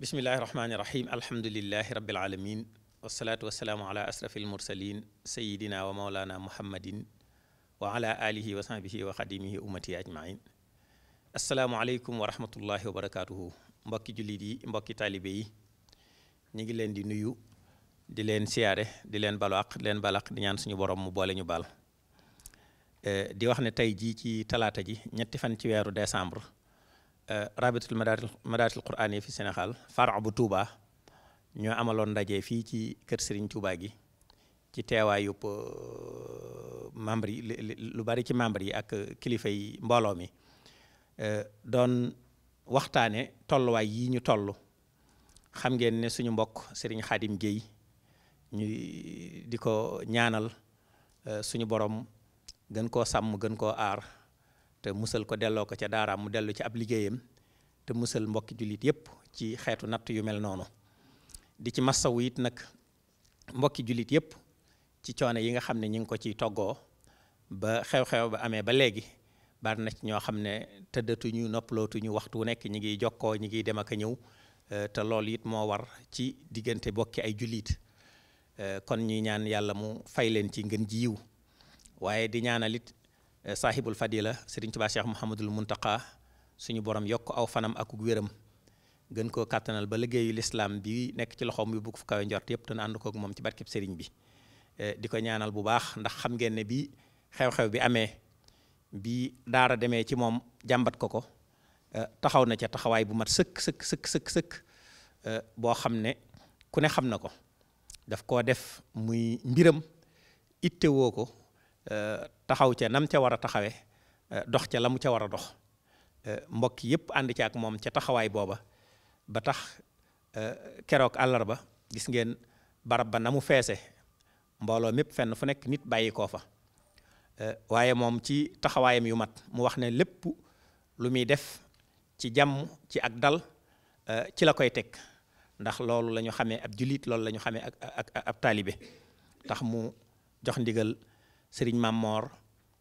بسم الله الرحمن الرحيم الحمد لله رب العالمين والصلاة والسلام على أسرف المرسلين سيدنا ومولانا محمد وعلى آله وصحبه وخدمه أمتي أجمعين السلام عليكم ورحمة الله وبركاته مبكي جليدي مبكي طالبي نيجلين دي نيو دي لين سياري دي لين بالاق دي لين بالاق دي نيان سنو بروم مبالي نيو بال دي وحنا تايجي تي تلاتجي نتفن تيويرو ديسمبر 2022 rabitul al Qurani fi Senegal. far bu Touba ñoo amalon ndaje fi ci keur Serigne Touba gi ci teewaayu membre lu bari ci membre yi ak kilifa yi mbolo mi waxtane tollu way yi ñu tollu xam ngeen ne suñu mbokk Serigne Khadim geey ñu diko ñaanal suñu borom gën ko sam gën te musal ko delloo ko ca daaraam mu dellu ci ab liggéeyam te musal mbokki jullit yépp ci xeetu natt yu mel noonu di ci massawu it nag mbokki jullit yépp ci coono yi nga xam ne ñu ngi ko ciy toggoo ba xew-xew ba amee ba léegi bari na ci ñoo xam ne tëddatuñu noppalootuñu waxtu nekk ñu ngi jokkoo ñu ngi dem ak ñëw eh, te loolu it moo war ci diggante mbokki ay jullit eh, kon ñuy ñaan yàlla mu fay leen ci ngën ji yiw waaye di ñaanal saahibul fadila sëriñ Tuubaa Cheikh Mouhamadul Muntaqa suñu boroom yokk aw fanam ak wéram gën koo kàttanal ba liggéeyu lislaam bi nekk ci loxoom yu bugg fu kawe njort yëpp te na ànd koog moom ci barkeb sëriñ bi eh, di ko ñaanal bu baax ndax xam ngeen ne bii xew-xew bi amee bi daara demee ci moom jàmbat ko ko eh, taxaw na ca taxawaay bu mat sëkk sëkk sëkk sëkk sëkk eh, boo xam ne ku ne xam na ko daf koo def muy mbiram ittewoo ko taxaw ca nam ca war a taxawee eh, dox ca la mu ca war a dox eh, mbokk yépp ànd ca ak moom ca taxawaay booba ba tax eh, keroog àllarba gis ngeen barab ba na mu feese mbooloo mépp fenn fu nekk nit bàyyi koo fa waaye moom ci taxawaayam yu mat mu wax ne lépp lu muy def ci jàmm ci ak dal ci la koy teg ndax loolu lañu ñu xamee ab jullit loolu la xamee ak ak ab taalibe tax mu jox ndigal sëriñ Mamor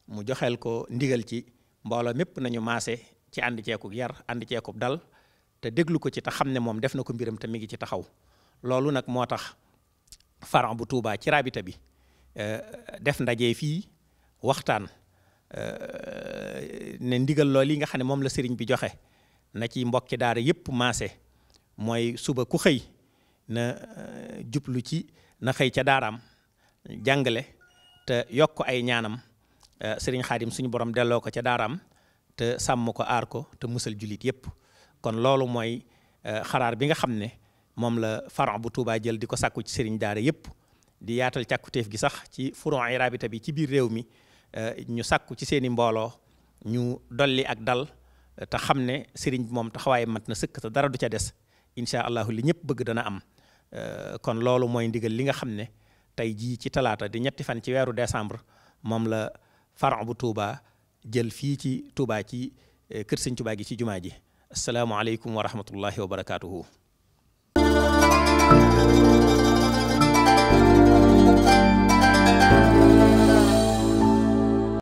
mu joxeel ko ndigal ci mbooloo mépp nañu maase ci ànd ceekub yar ànd ceekub dal te déglu ko ci te xam ne moom def na ko mbiram ta mi ngi ci taxaw loolu nag moo tax faran bu Touba ci rabita bi euh, def ndaje fii waxtaan euh, ne ndigal loolu yi nga xam ne moom la sëriñ bi joxe na ci mbokki daara yépp maase mooy suba ku xëy na euh, jublu ci na xëy ca daaraam jàngale te yokk ay ñaanam eh, sëriñ xaadim suñu borom delloo ko ca daara am te sàmm ko aar ko te musal jullit yépp kon loolu mooy eh, xaraar bi nga xam ne moom la faran bu Touba jël di ko sàkku ci sëriñ daara yépp di yaatal càkkutéef gi sax ci furon ay rabita bi ci biir réew mi eh, ñu sàkku ci seeni mbooloo ñu dolli ak dal te xam ne sëriñ bi moom taxawaay mat na sëkk te dara du ca des incha allah li ñëpp bëgg dana am kon loolu mooy ndigal li nga xam ne tey jii ci talaata di ñetti fan ci weeru décembre moom la faran bu Touba jël fii ci Touba ci eh, kër sëñ Touba gi ci jumaa ji asalaamaaleykum wa rahmatullahi wa barakaatuhu.